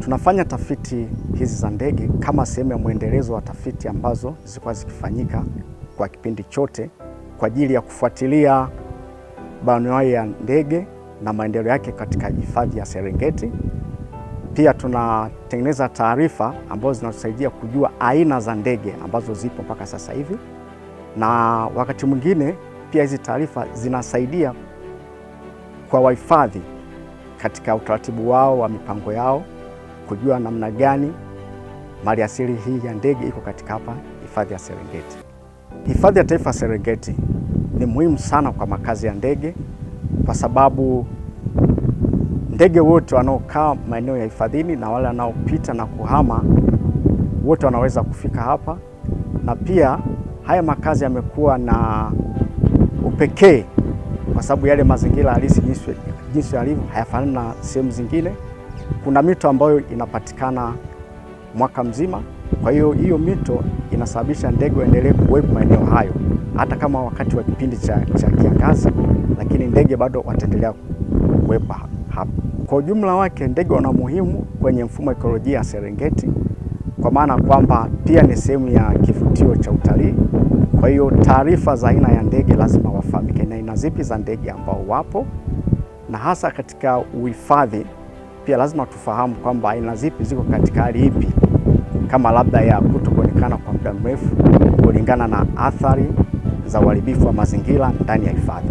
Tunafanya tafiti hizi za ndege kama sehemu ya mwendelezo wa tafiti ambazo zilikuwa zikifanyika kwa kipindi chote kwa ajili ya kufuatilia banuai ya ndege na maendeleo yake katika hifadhi ya Serengeti. Pia tunatengeneza taarifa ambazo zinatusaidia kujua aina za ndege ambazo zipo mpaka sasa hivi, na wakati mwingine pia hizi taarifa zinasaidia kwa wahifadhi katika utaratibu wao wa mipango yao kujua namna gani asili hii ya ndege iko katika hapa hifadhi ya Serengeti. Hifadhi ya Taifa ya Serengeti ni muhimu sana kwa makazi ya ndege, kwa sababu ndege wote wanaokaa maeneo ya hifadhini na wale wanaopita na kuhama wote wanaweza kufika hapa, na pia haya makazi yamekuwa na upekee kwa sababu yale mazingira halisi jinsi yalivyo hayafanani na sehemu zingine. Kuna mito ambayo inapatikana mwaka mzima, kwa hiyo hiyo mito inasababisha ndege waendelee kuwepo maeneo hayo hata kama wakati wa kipindi cha, cha kiangazi, lakini ndege bado wataendelea kuwepo hapo. Kwa ujumla wake, ndege wana muhimu kwenye mfumo wa ekolojia ya Serengeti kwa maana kwamba pia ni sehemu ya kivutio cha utalii. Kwa hiyo taarifa za aina ya ndege lazima wafahamike, na aina zipi za ndege ambao wapo, na hasa katika uhifadhi pia lazima tufahamu kwamba aina zipi ziko katika hali ipi, kama labda ya kutokuonekana kwa muda mrefu kulingana na athari za uharibifu wa mazingira ndani ya hifadhi.